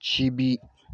七 B。